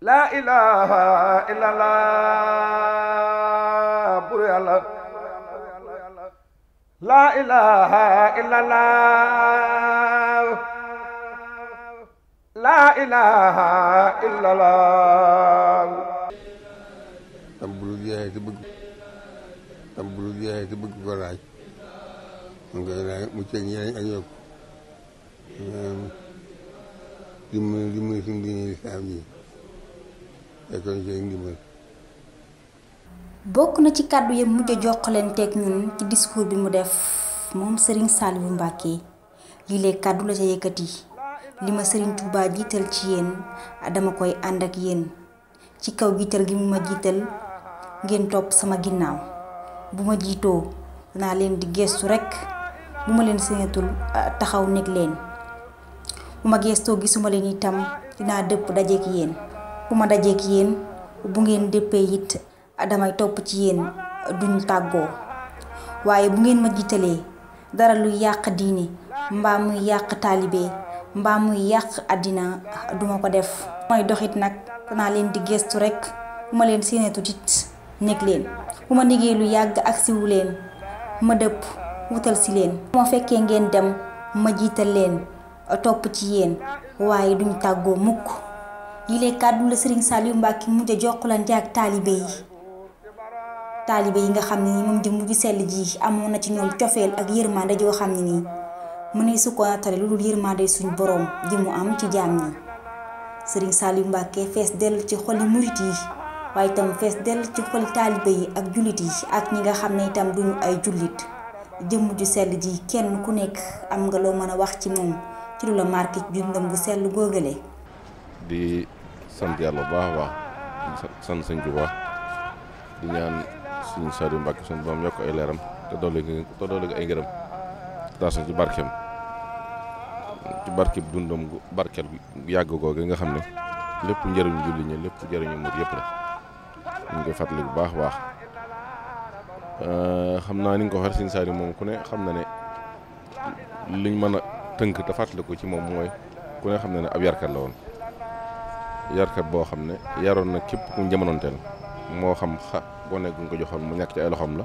laa ilaha illallah bur yàlla laa ilaha illallah laa ilaha illallah am bulu jeexee te bëgg am bulu jeexee te bëgg ko laaj mu koy laaj mu ceeg njëriñ ak yokk dimbali dimbali suñu diine lislaam ji nekkoon bokk na ci kàddu yëpp mujj a jokkalanteeg ñun ci discours bi mu def moom Serigne Saliou Mbacké lii lee kàddu la ca yëkkati li ma Serigne Touba jiital ci yéen dama koy ànd ak yéen ci kaw jiital gi mu ma jiital ngeen topp sama ginnaaw bu ma jiitoo naa leen di gestu rekk bu ma leen séenatul ah, taxaw nekk leen bu ma gestoo gisuma leen itam dinaa dëpp dajeek yéen. bu ma dajeek yéen bu ngeen déppee it damay topp ci yéen duñ tàggoo waaye bu ngeen ma jiitalee dara luy yàq diine mbaa muy yàq taalibe mbaa muy yàq àddina duma ko def mooy doxit nag naa leen di gestu rekk bu ma leen séenatu tit nekk leen ku ma liggéey lu yàgg ak siwu leen ma dëpp wutal ci leen bu ma fekkee ngeen dem ma jiital leen topp ci yéen waaye duñ tàggoo mukk li lee kàddu la Serigne Saliou Mbacke mujj a jokkalante ak taalibe yi taalibe yi nga xam ne ni moom jëmm ju sell ji amoon na ci ñoom cofeel ak yërmande joo xam ni nii mu ne su ko nattale lu dul mu am ci jaam ñi Serigne yu Mbacke fees dell ci xoli murit yi waaye itam fees dell ci xoli taalibe yi ak jullit yi ak ñi nga xam ne itam duñu ay jullit jëmm ju sell ji kenn ku nekk am nga loo mën a wax ci moom ci lu la marqué ju ndam sell góogale sant yàlla bu baax a baax sant sëñ bu baax di ñaan suñu Saliou Mbacke suñu boom yokk ay leeram te dolli te dolli ay ngërëm taasuñ ci barkeem ci barkeb dundam gu barkeel gu yàgg googu nga xam ne lépp njëriñ julli ñi lépp njëriñu mur yëpp la ñu ngi koy fàttali bu baax a baax euh, xam naa ni nga ko waxee sëñ Saliou moom ku ne xam na ne liñ mën a tënk te fàttaliku ci moom mooy ku ne xam ne ne ab yarkat la woon. yarkat boo xam ne yaroon na képp ku jamonoonteel moo xam xa gone gu ko joxoon mu ñàkk ci ay loxoom la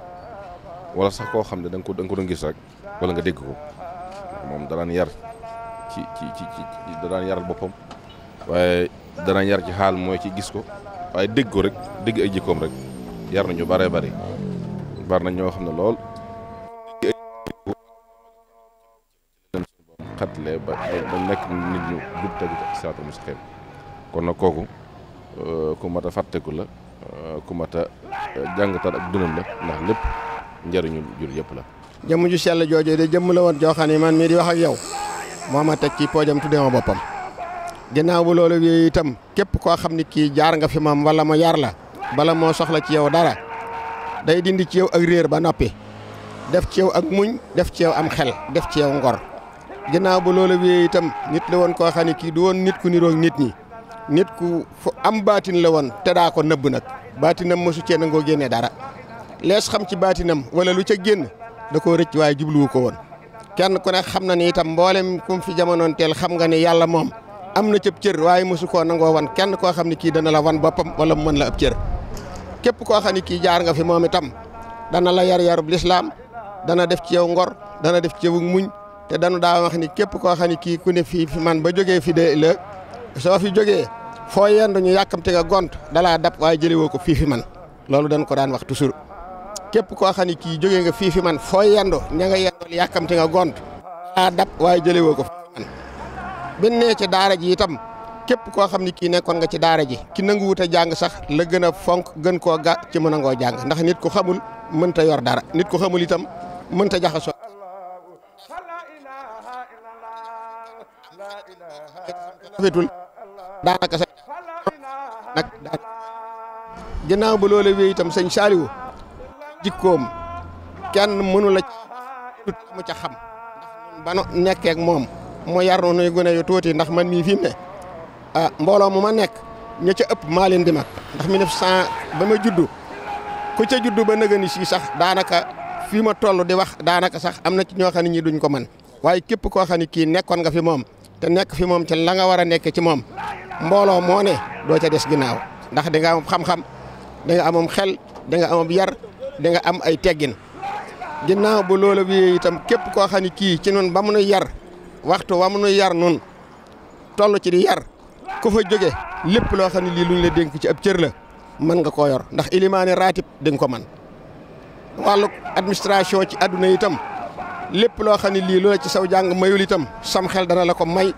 wala sax koo xam ne da ko da nga ko doon gis rek wala nga dégg ko moom danaan yar ci ci ci ci boppam waaye danaan yar ci xaal mooy ci gis ko waaye dégg ko rek dégg ay jikkoom rek yar nañu bare bari bar na ñoo xam ne lool xatle ba ba nekk nit ñu jub tegu ci siraatal mustaqim kon na kooku euh, ku mat a fàtteku la euh, ku mat a euh, jàngatal ak dundam la ndax lépp njariñu jur yëpp la. jëmm ju sell joojee de jëmm la woon joo xam ne man mii di wax ak yow moo ma teg ci poojam tuddee ma boppam ginnaaw bu loolu yooyu itam képp koo xam ne kii jaar nga fi ma mbala ma yar la bala moo soxla ci yow dara day dindi ci yow ak réer ba noppi def ci yow ak muñ def ci yaw am xel def ci yow ngor ginnaaw bu loolu yooyu itam nit la woon koo xam ne kii du woon nit ku niroog nit ñi. nit ku fu am baatin la woon te daa ko nëbb nag baatinam mosu cee nangoo génnee dara lees xam ci baatinam wala lu ca génn da koo rëcc waaye jubluwu ko woon kenn ku ne xam na ni itam mboolem kum fi jamonoonteel xam nga ne yàlla moom am na cëb cër waaye mosu ko nangoo wan kenn koo xam ne kii dana la wan boppam wala mën la ab cër képp koo xam ne kii jaar nga fi moom itam dana la yar bu lislaam dana def ci yow ngor dana def ci yow muñ te danu daa wax soo fi jógee foo yendu ñu yàkkamti nga gont dalaa dab waaye jëliwoo ko fii fi man loolu dañ ko daan wax toujours képp koo xam ne kii jógee nga fii fi man foo yendu ña nga yendool yàkkamti nga gont dalaa dab waaye jëliwoo ko fii fi man bin ci daara ji itam képp koo xam ne kii nekkoon nga ci daara ji ki nanguwut wut a jàng sax la gën a fonk gën koo ga ci mën a ngoo jàng ndax nit ko xamul mënta yor dara nit ku xamul itam mënta jaxasoo fetul daanaka sax nag daan ginnaaw ba loola wéy itam sëñ Saliou jikkoom kenn mënu la mu ca xam ndax ba moom mu yar nu nuy gune yu tuuti ndax man mii fi mu ne ah mbooloo mu ma nekk ña ca ëpp maa leen di mag ndax 1900 ba ma juddu ku ca juddu ba nëgëni si sax daanaka fii ma toll di wax daanaka sax am na ci ñoo xam ne ñii duñ ko man waaye képp koo xam kii nekkoon nga fi moom te nekk fi moom ci la nga war a nekk ci moom mbooloo moone ne doo ca des ginnaaw ndax da nga am xam-xam da nga amum xel da nga amum yar da nga am ay teggin ginnaaw bu loola wéyee itam képp koo xam kii ci nun ba mu nu yar waxtu wa mu nu yar nun toll ci di yar ku fa jóge lépp loo xam ne lii luñ la dénk ci ab cër la mën nga koo yor ndax ilimaane raatib di ko man wàllu administration ci àdduna itam lépp loo xam ne lii loola ci saw jàng mayul itam sam xel dana la ko may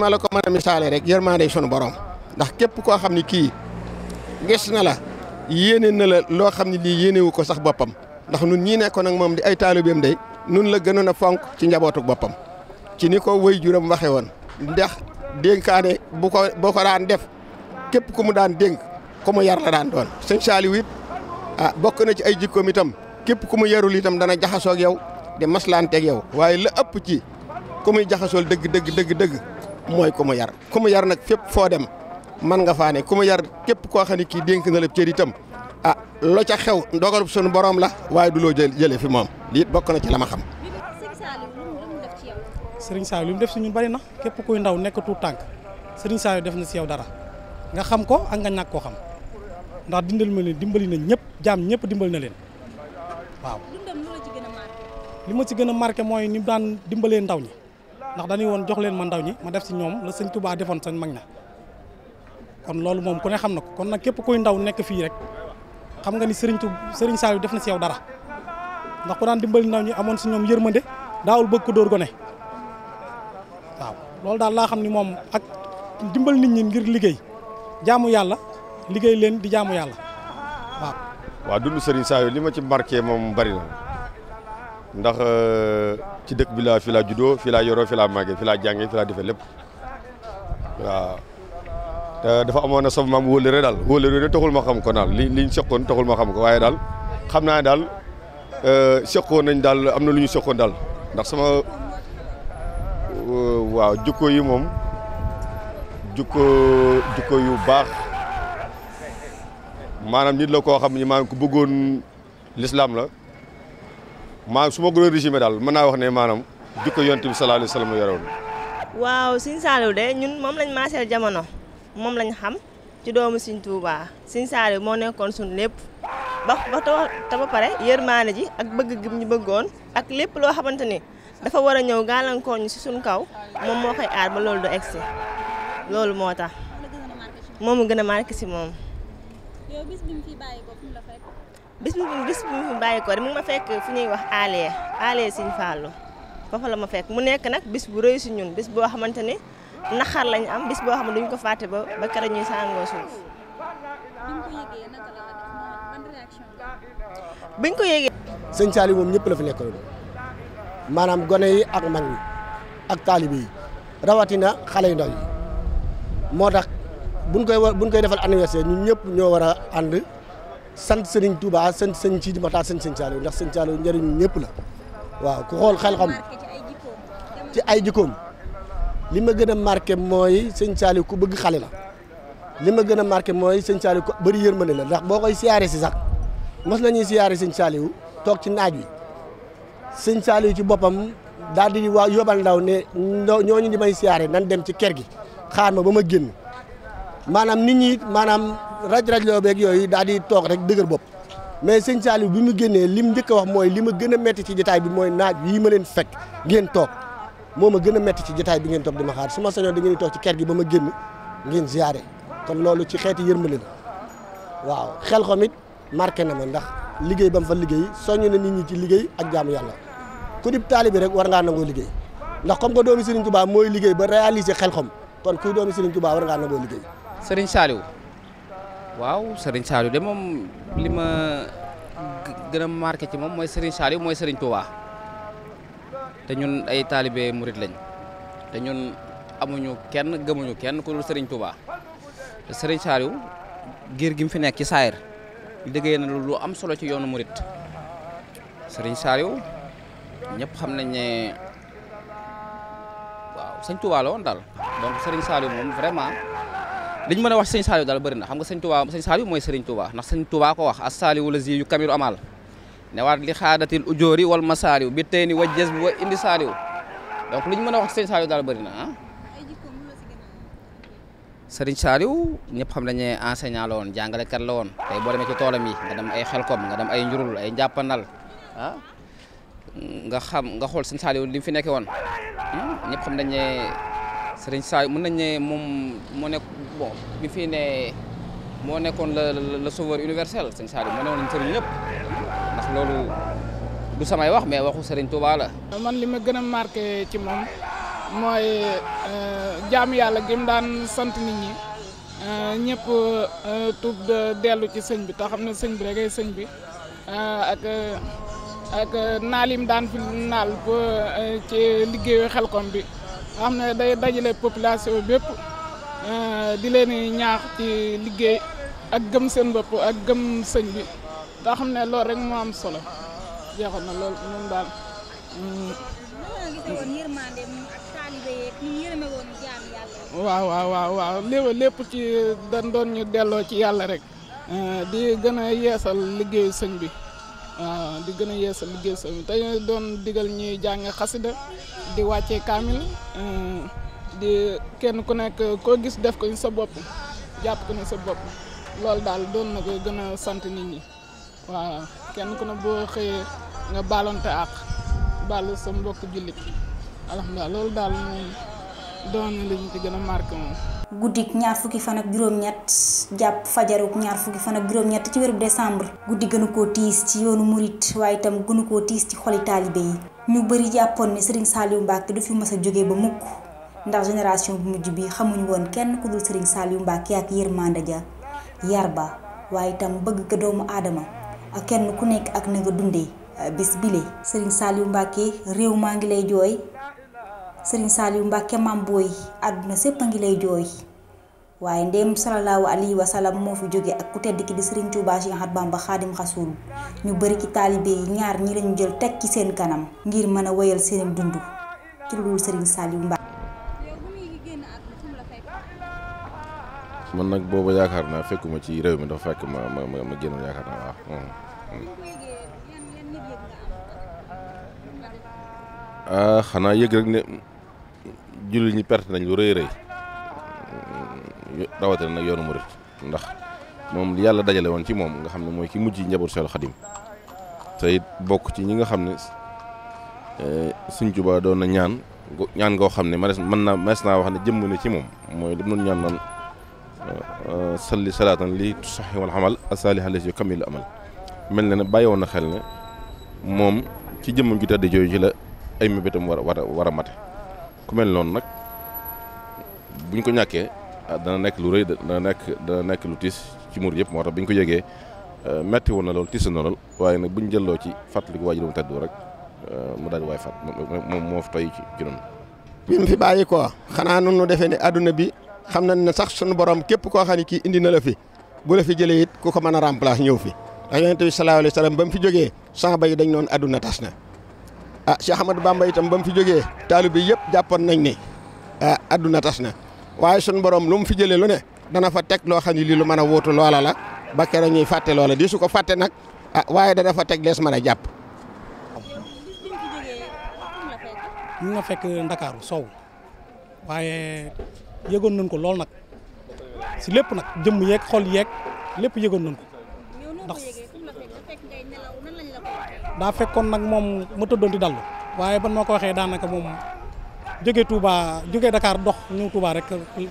ma la ko mën a misaale rek yërmande sunu borom ndax képp koo xam ni kii gis na la yéene na la loo xam ne lii yéenewu ko sax boppam ndax nun ñii nekkoon ak moom di ay taalibeem day nun la gënoon a fonk ci njabootu boppam ci ni ko wëy juram waxe woon ndax dénkaane bu ko boo ko daan def képp ku mu daan dénk ku mu yar la daan doon sëñ Saaliw bokk na ci ay jikkoom itam képp ku mu yarul itam dana jaxasoog yow di maslaanteeg yow waaye la ci ku muy jaxasool dëgg dëgg dëgg dëgg mooy ku mu yar ku mu yar nag fépp foo dem man nga faa ne ku mu yar képp koo xam ne kii dénk na la cër tam ah lo ca xew ndogalub sunu borom la waaye du loo jë jëlee fi moom lii bokk na ci la ma xam. Serigne Saliou li mu def si ñu bari na képp kuy ndaw nekk tuut tànk Serigne Saliou def na si yow dara nga xam ko ak nga ñàkk koo xam ndax dindal ma leen dimbali na ñëpp jaam ñëpp dimbali na leen waaw. li ma ci gën a marqué mooy ni mu daan dimbalee ndaw ñi. ndax dañuy woon jox leen ma ndaw ñi ma def si ñoom la sëñ Touba defoon sañ mag ña kon loolu moom ku ne xam na ko kon nag képp kuy ndaw nekk fii rek xam nga ni sëriñ sëriñ Saliou def na si yow dara ndax ku daan dimbali ndaw ñi amoon si ñoom yërmande daawul bëgg ko dóor gone waaw loolu daal laa xam ni moom ak dimbali nit ñi ngir liggéey jaamu yàlla liggéey leen di jaamu yàlla waaw. waaw dund sëriñ Saliou li ma ci marqué moom bari na. ndax euh, ci dëkk bi laa fi laa juddoo fi laa yoroo fi laa màggee fi laa jàngee fi laa defee lépp waaw te dafa amoon na sama maam wóolare daal wóolare taxul ma xam ko daal li liñ seqoon taxul ma xam ko waaye daal xam naa daal euh, seqoon nañ daal am na lu ñu seqoon daal ndax sama euh, waaw jukko yi moom jukko jukko yu baax maanaam nit la koo xam ni maanaam ku bëggoon lislaam la maa su ma gënoon régime daal mën naa wax ne maanaam jikko yonent bi sallallahu alayhi wa sallam yore woon waaw Sëñ de ñun moom lañ maaseel jamono moom lañ xam ci doomu Sëñ Tuubaa Sëñ Saliou moo nekkoon suñ lépp ba ba te ba pare yërmaane ji ak bëgg gi ñu bëggoon ak lépp loo xamante ni dafa war a ñëw gàllankoor ñu si suñ kaw moom moo koy aar ba loolu du egsi loolu moo tax moomu gën a marqué si moom. bis bu bis bu bàyyi ko de mu ma fekk fu ñuy wax alee alee siñ Fallou foofu la ma fekk mu nekk nag bis bu rëy si ñun bis boo xamante ni naxar lañu am bis boo xam ne duñ ko fàtte ba ba kara ñuy sàngoo suuf. biñ ko yëgee. sëñ Saliou moom ñëpp la fi nekkaloon maanaam gone yi ak mag ñi ak taalibe yi rawatina xale yi ndaw moo tax buñ koy war buñ koy defal anniversaire ñun ñëpp ñoo war a ànd. sant Serigne Touba sant sëñ Sidi Makhtar sant sëñ Saliou ndax sëñ Saliou njëriñ ñëpp la waaw ku xool xel xam ci ay jikkoom li ma gën a marqué mooy sëñ Saliou ku bëgg xale la li ma gën a marqué mooy sëñ Saliou ku bëri yërmande la ndax boo koy siyaare si sax mos nañuy siyaare sëñ Saliou toog ci naaj wi sëñ Saliou ci boppam daal di waa yobal ndaw ne ñooñu di may siyaare nan dem ci kër gi xaar ma ba ma génn maanaam nit ñi maanaam. raj-raj loo beeg yooyu daal di toog rek dëgër bopp mais sëñ Saliou bi mu génnee lim njëkk wax mooy li ma gën a metti ci jotaay bi mooy naaj bi ma leen fekk ngeen toog moo ma gën a metti ci jotaay bi ngeen toog di ma xaar su ma sañoon da ngeen di toog ci ker gi ba ma génn ngeen ziyaare kon loolu ci xeeti yërmale la waaw xel xom it marqué na ma ndax liggéey ba mu fa liggéey soññ na nit ñi ci liggéey ak jaamu yàlla ku dib taalibi rek war ngaa nangoo liggéey ndax comme que doomi Serigne Touba mooy liggéey ba réaliser xel xom kon kuy doomi Serigne Touba war ngaa nangoo liggéey Serigne Saliou waaw Serigne Saliou de moom li ma gën a ci moom mooy Serigne Saliou mooy Serigne Touba te ñun ay taalibe murit lañ te ñun amuñu kenn gëmuñu kenn ku dul Serigne Touba te Serigne Saliou giir gi fi nekk ci saayir liggéey na lu am solo ci yoonu murit sëriñ Saliou ñëpp xam nañ ne waaw Serigne Touba la daal donc Serigne Saliou moom vraiment. li ñu mën a wax sëñ Saliou daal bëri na xam nga sëñ Touba ko wax as saaliwu la zi yu kamiru amal ne waat li xaadatil ujoori wal ma saaliw bi tey ni wa jës bi wa indi saaliw donc li ñu mën a wax sëñ Saliou daal bëri na ah sëriñ xam nañu ne enseignant la woon jàngalekat la woon tey boo demee ci toolam yi nga dem ay xel xelkom nga dem ay njurul ay njàppandal ah nga xam nga xool sëñ Saliou li fi nekkee woon hmm? ñëpp xam nañu ne Serigne Saliou mën nañ ne moom moo nekk bon bi fii ne moo nekkoon la le sauveur universel Serigne Saliou moo nekkoon Serigne ñëpp ndax loolu du samay wax mais waxu Serigne Touba man li ma gën a marqué ci moom mooy euh, jaamu yàlla gi daan sant nit ñi euh, ñëpp euh, tuub dellu ci sëñ bi te xam ne sëñ bi rek ay sëñ bi ak. ak naal daan fi naal ba ci liggéeyu xelkom bi am na day dajale population bépp euh, di leen ñaax ci liggéey ak gëm seen bopp ak gëm sëñ bi te xam ne lool rek moo am solo jeexoon na lool moom daal. waaw waaw waaw waaw lépp ci dañ doon ñu delloo ci yàlla rek. Euh, di gën a yeesal liggéeyu sëñ bi. waaw di gën a yeesal liggéey sa te doon digal ñuy jàng xasida di wàcce kaamil eh, di kenn ku nekk koo gis def ko sa bopp jàpp ko ne sa bopp loolu daal doon na ko gën a sant nit ñi waaw kenn ku ne boo xëyee nga baalonte àq baalu sa mbokk jullit alhamdulilah loolu daal moom doon na ci gën a marqué moom guddik ñaar fukki fan ak juróom-ñett jàpp fajaruk ñaar fukki fan ak juróom-ñett ci weeru décembre guddi gënu koo tiis ci yoonu murit waaye itam gënu koo tiis ci xoli taalibe yi ñu bëri jàppoon ni ne Serigne Saliou Mbacke du fi mës a jógee ba mukk ndax génération bu mujj bi xamuñu woon kenn ku dul Serigne Saliou Mbacke ak yërmande ja yar ba waaye itam bëgg ko doomu aadama ak kenn ku nekk ak na nga dundee bis bile Serigne Saliou Mbacke réew maa ngi lay jooy. sëriñ Saaliw Mbàkke maam booy àdduna sépp a ngi lay jooy waaye ndéem salallaahu alayhi wa salaam moo fi jóge ak ku tedd ki di sëriñ Tuubaa Séex Axmadu Bamba xaadim rasuul ñu bari ci taalibe yi ñaar ñi lañu jël teg ci seen kanam ngir mën a wéyal seen dund ci loolu sëriñ Saaliw Mbàkke man nag booba yaakaar naa fekkuma ci réew mi dafa fekk ma ma ma génn yaakaar naa waaw ah, xanaa yëg rek jullit ñi perte nañ lu rëy rëy rawatina nag yoonu murit ndax moom yàlla dajale woon ci moom nga xam ne mooy ki mujj njaboot Seexul Xadim te bokk ci ñi nga xam ne eh, Sëñ Tuubaa doon na ñaan ñaan xam ne manees mën naa manees naa wax ne jëmm ne ci moom mooy li mu doon ñaan naan eh, salli salaatan li tusaxi wal amal asaaliha lasi yu kamilu amal mel na ne bàyyi woon na xel ne moom ci jëmm ju tedd jooju ci la ay mébétam war war a war a mate ku mel noonu nag buñ ko ñàkkee ah, dana nekk lu rëy dana nekk dana nekk lu tiis ci muur yëpp moo tax bi ñu ko yëgee eh, metti woon na lool tiis na lool waaye nag bu buñ jëlloo ci fàttaliku waajuram teddu rek eh, mu daal waay fàtt moom moo fi toy ci ci noonu. bi mu fi bàyyi ko xanaa nu defee ne àdduna bi xam nañ ni sax sunu borom képp koo xam ne kii indi na la fi bu la fi jëlee it ku ko mën a remplacer ñëw fi ndax yonent bi sallallahu alayhi wa ba mu fi jógee saaba yi dañ noon adduna tas ah Cheikh Ahmadou Bamba itam ba mu fi jógee taalibe yëpp jàppoon nañ ni ah adduna tas na waaye sunu boroom lu mu fi jëlee lu ne dana fa teg loo xam ne lii lu mën a wóotu loola la ba keroog ñuy fàtte loola di su ko fàtte nag ah waaye dana fa teg lees mën a jàpp. ñu nga fekk Ndakaaru sow waaye yëgoon nañ ko lool nag si lépp nag jëmm yeeg xol yeeg lépp yëgoon nañ ko daa fekkoon nag moom mu tëddoon di dallu waaye ban ma ko waxee daanaka moom jóge Touba jóge Dakar dox ñëw Touba rek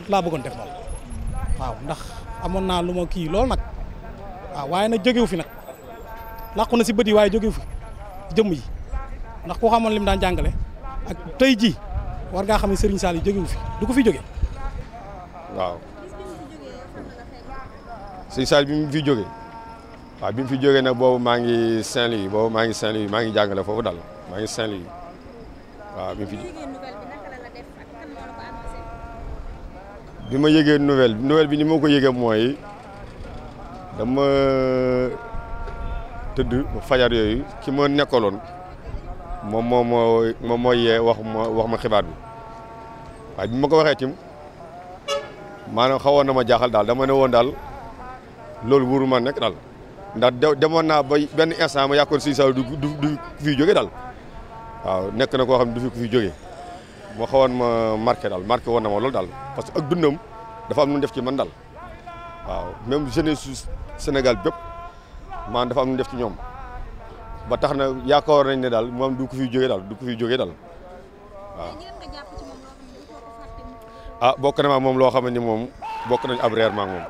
laa bëggoon def lool waaw ndax amoon naa lu ma kii lool nag waaw waaye nag jógewu fi nag làqu na si bët yi waaye jóge fi jëmm yi ndax koo xamoon lim daan jàngale ak tey jii war ngaa xam ne Serigne Saliou jógewu fi du fi jóge waaw Serigne Saliou bi mu fi jóge waaw bi mu fi jógee nag boobu maa ngi Saint-Louis boobu maa ngi Saint-Louis maa ngi jàngale foofu daal maa ngi Saint-Louis waaw bi ma yëgee nouvelle bi nouvelle bi ni ma ko yëgee mooy dama tëdd fajar yooyu ki ma nekkaloon moom moo moo moom moo yee wax ma wax ma xibaar bi waaye bi ma ko waxee tim maanaam xawoon na ma jaaxal daal dama ne woon daal loolu wóoru ma nekk daal. ndax demoon naa ba benn instant ma yàkkoon si Saliou du du fi jóge daal waaw nekk na koo xam ne du fi ku fi jóge moo xawoon ma marqué daal marqué woon na ma loolu daal parce que ak dundam dafa am lu def ci man daal waaw même jeunesse su Sénégal bépp maanaam dafa am lu def ci ñoom ba tax na yaakaar nañ ne daal moom du ko fi jóge daal du ko fi daal waaw. ah bokk na maa moom loo xam ne moom bokk nañ ab reer ma moom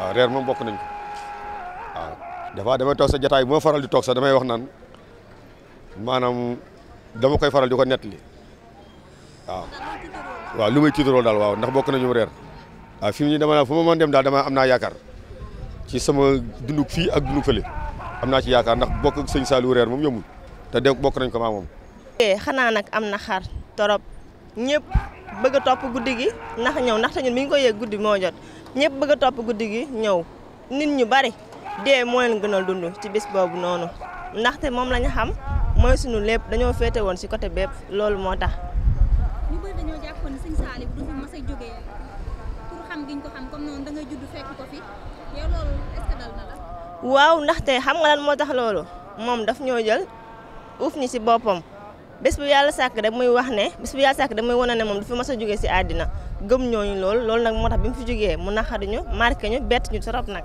waaw reer moom bokk nañ waaw des fois damay toog sa jataay moo faral di toog sax damay wax naan maanaam dama koy faral di ko nettali waaw waaw lu may tiitaroo daal waaw ndax bokk nañu reer waaw fi mu ne dama fu ma mën dem daal dama am naa yaakaar ci sama dundug fii ak dundug fële am naa ci yaakaar ndax bokk ak sëñ Saliou reer moom yombul te de bokk nañ ko maa moom eh, xanaa nag am na xar torop ñëpp bëgg a topp guddi gi ndax ñëw ndaxte ñun bi ñu ko yëg guddi moo jot ñëpp bëgg a topp guddi gi ñëw nit ñu bari dee moo leen gënal dund ci bis boobu noonu ndaxte moom lañu xam mooy sunu lépp dañoo féete woon ci côté bépp loolu moo tax. ñu bëri dañoo jàppoon ne xam waaw ndaxte xam nga lan moo tax loolu moom daf ñoo jël uuf ñi ci boppam bés bu yàlla sàkk da muy wax ne bés bu yàlla sàkk da muy wane ne moom du fi mas a jógee ci àddina gëm ñooñu loolu loolu nag moo tax bi mu fi jógee mu naqari ñu marqué ñu bett ñu trop nag.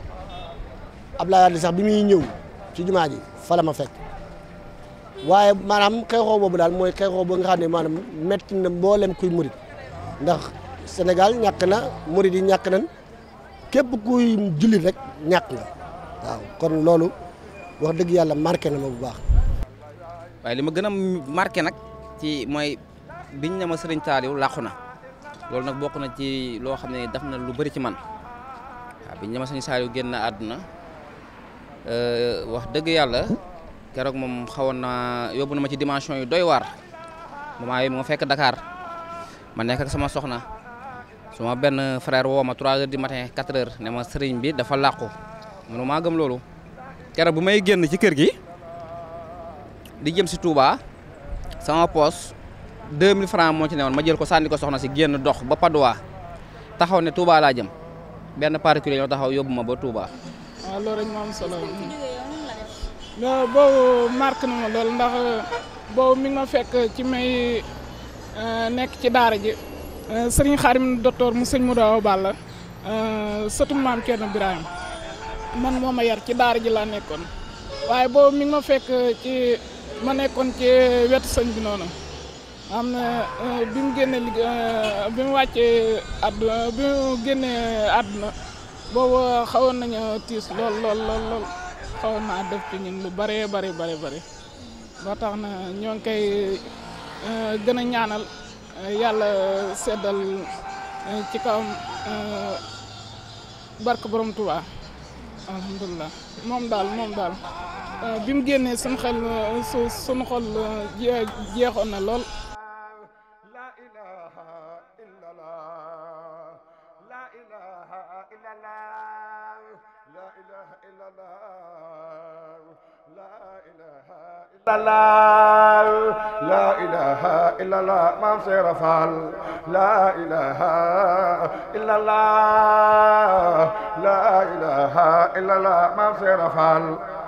Abdoulaye Wade sax bi muy ñëw ci jumaa ji fa la fekk waaye maanaam xeexoo boobu daal mooy xeexoo boo nga xam ne maanaam métti na mboolem kuy murit ndax Sénégal ñàkk na murit yi ñàkk nañ képp kuy jullit rek ñàkk nga waaw kon loolu wax dëgg yàlla marqué na ma bu baax. waaye li ma gën a marqué nag ci mooy biñ ne ma sëriñ Taaliw làqu na loolu nag bokk na ci loo xam ne daf na lu bari ci man waaw biñ ne ma sëriñ na génn àdduna. Euh, wax dëgg yàlla keroog moom xawoon naa yóbbu na ma ci dimension yi doy waar moment yooyu ma fekk dakaar ma nekk ak sama soxna suma benn frère woo ma 3 heures du matin 4 heures ne ma sëriñ bi dafa làqu mënu maa gëm loolu. keroog bu may génn ci kër gi di jëm si tuubaa sama poos 2000 francs moo ci newoon ma jël ko sànni ko soxna si génn dox ba Padois taxaw ne Touba laa jëm benn particulier ñoo taxaw yóbbu ma ba tuubaa waaw loolu am solo. non boobu marqué na ma loolu ndax boobu mi ma fekk ci may euh, nekk ci daara ji euh, sëriñ xaarim docteur mu sëñ Modou Awa Balla euh, sëtum maam Thierno Birahim man moo ma yar ci daara ji laa nekkoon waaye boobu mi ngi ma fekk ci ma nekkoon ci wetu sëñ bi noonu na bi mu génnee liggéey bi mu wàccee àdduna bi mu génnee àdduna boobu xawoon nañu tiis lool lool lool lool xawoon naa def ci ñun lu bare bare bare ba tax na ñoo ngi koy euh, gën a ñaanal euh, yàlla seddal euh, ci kawam barke borom Tuubaa alhamdulilah moom daal moom daal bi mu génnee suñu xel su xol jeexoon na lool إلا الله لا إله إلا الله لا إله إلا الله ما سير فعل لا إله إلا الله لا إله إلا الله ما سير فعل